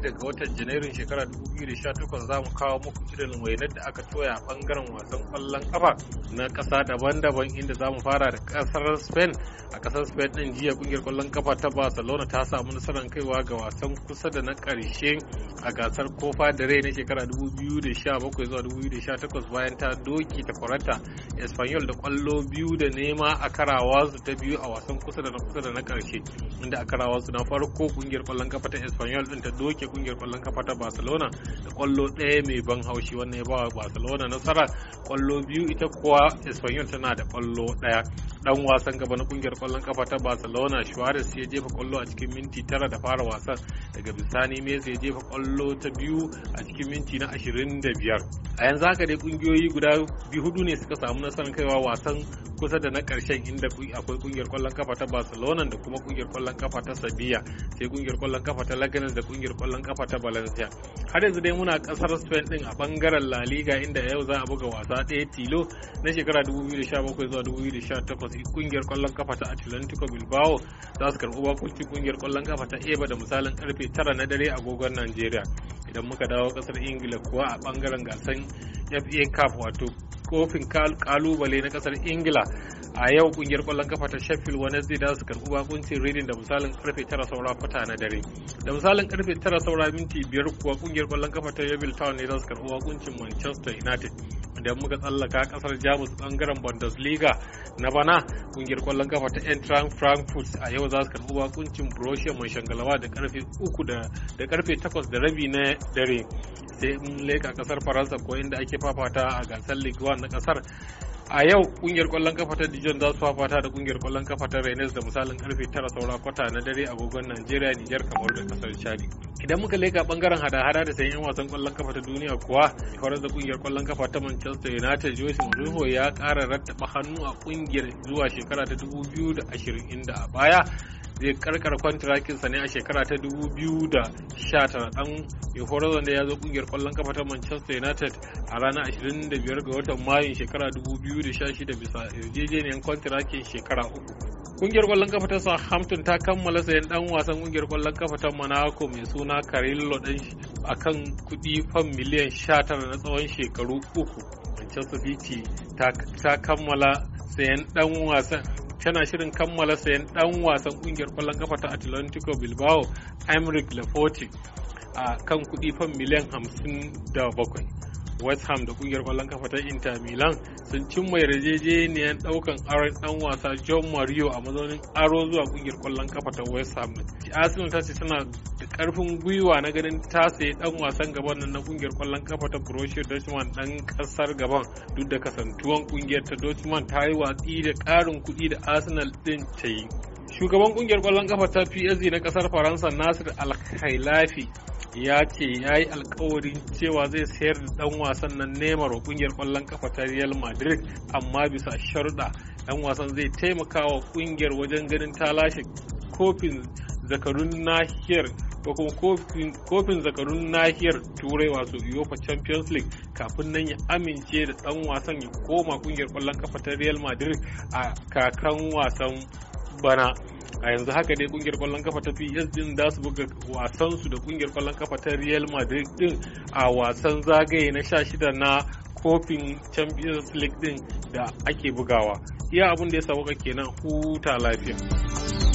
daga watan janairun shekara 2018 za mu kawo muku irin wainar da aka toya bangaren wasan kwallon kafa na kasa daban-daban inda za mu fara da kasar spain a kasar spain din jiya kungiyar kwallon kafa ta barcelona ta samu nasarar kaiwa ga wasan kusa da na karshe a gasar kofa da rai na shekara 2017 zuwa 2018 bayan ta doki ta kwarata espanyol da kwallo biyu da nema a karawa su ta biyu a wasan kusa da na kusa da na karshe inda a karawa su na farko kungiyar kwallon kafa ta espanyol din ta doke kungiyar kwallon kafa ta barcelona da kwallo ɗaya mai ban haushi wannan ya ba wa barcelona nasara kwallo biyu ita kuwa espanyol tana da kwallo ɗaya dan wasan gaba na kungiyar kwallon kafa ta barcelona suarez ya jefa kwallo a cikin minti tara da fara wasan daga bisani messi ya jefa kwallo ta biyu a cikin minti na ashirin da biyar a yanzu haka dai kungiyoyi guda biyu hudu ne suka samu nasarar kaiwa wasan kusa da na karshen inda akwai kungiyar kwallon kafa ta barcelona da kuma kungiyar kwallon kafa ta sabiya sai kungiyar kwallon kafa ta laganes da kungiyar kwallon kafa ta valencia har yanzu dai muna kasar spain din a bangaren la liga inda yau za a buga wasa daya tilo na shekara 2017 zuwa 2018 kungiyar kwallon kafa ta atlantico bilbao za su karɓi bakuncin kungiyar kwallon kafa ta eba da misalin karfe 9 na dare a agogon najeriya idan muka dawo kasar ingila kuwa a bangaren gasan fa cup wato kofin kalubale na kasar ingila a yau kungiyar kwallon kafa ta sheffield wednesday da su karbi bakuncin reading da misalin karfe 9 saura fata na dare da misalin karfe 9 saura minti biyar kuwa kungiyar kwallon kafa ta Yeovil town ne za su karbi bakuncin manchester united da muka tsallaka kasar jamus bangaren bundesliga na bana kungiyar kwallon kafa ta entran frankfurt a yau za su karbi bakuncin borussia mönchengladbach da karfe 3 da karfe 8 da rabi na dare sai mun leka kasar faransa ko inda ake fafata a gasar ligue 1 na kasar a yau kungiyar kwallon kafa ta dijon za su fafata da kungiyar kwallon kafa ta rennes da misalin karfe tara saura kwata na dare agogon najeriya niger kamar da kasar chadi idan muka leka bangaren hada-hada da sayan wasan kwallon kafa ta duniya kuwa horar da kungiyar kwallon kafa ta manchester united jose mourinho ya kara rattaba hannu a kungiyar zuwa shekara ta 2020 inda a baya zai karkar sa ne a shekara ta 2019 dan horar wanda ya zo kungiyar kwallon kafa ta manchester united a ranar 25 ga watan mayun shekara 2016 bisa yarjejeniyar kwantirakin shekara uku Kungiyar kwallon kafa ta Southampton ta kammala sayan dan wasan kungiyar kwallon kafa ta Monaco mai suna Carillo dan akan kudi fam miliyan 19 na tsawon shekaru uku. Manchester City ta kammala sayan dan wasan tana shirin kammala sayan dan wasan kungiyar kwallon kafa ta atlantico bilbao emric laforti a kan kudi fan miliyan 57 west ham da kungiyar kwallon kafa ta inter milan sun cimma yarjejeniyar daukan aron dan wasa john mario a mazaunin aro zuwa kungiyar kwallon kafa ta west ham arsenal ta ce tana da karfin gwiwa na ganin ta sayi dan wasan gaban nan na kungiyar kwallon kafa ta borussia dortmund dan kasar gaban duk da kasantuwan kungiyar ta dortmund ta yi watsi da karin kuɗi da arsenal din ta yi shugaban kungiyar kwallon kafa ta PSG na kasar faransa nasir alkhailafi ya ce ya yi alkawarin cewa zai sayar da dan wasan nan Neymar wa kungiyar kwallon kafa ta Real Madrid amma bisa sharuɗa dan wasan zai taimaka wa kungiyar wajen ganin ta lashe kofin zakarun nahiyar ko kuma kofin zakarun nahiyar turai wato uefa champions league kafin nan ya amince da dan wasan ya koma kungiyar kwallon kafa ta real madrid a kakan wasan bana a yanzu haka dai kungiyar kwallon kafa ta PS din za su buga wasan su da kungiyar kwallon kafa ta Real Madrid din a wasan zagaye na 16 na kofin Champions League din da ake bugawa iya abun da ya sauka kenan huta lafiya